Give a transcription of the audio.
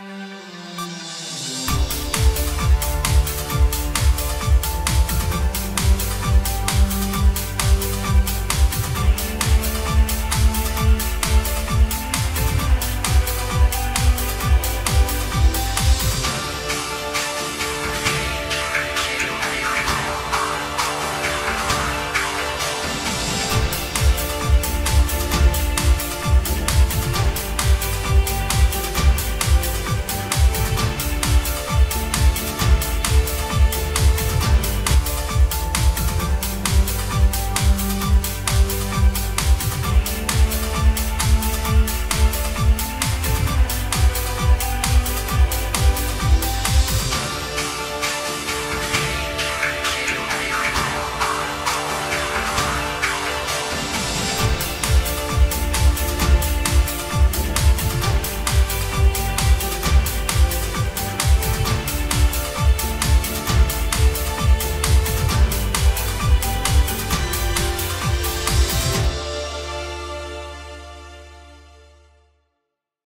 Música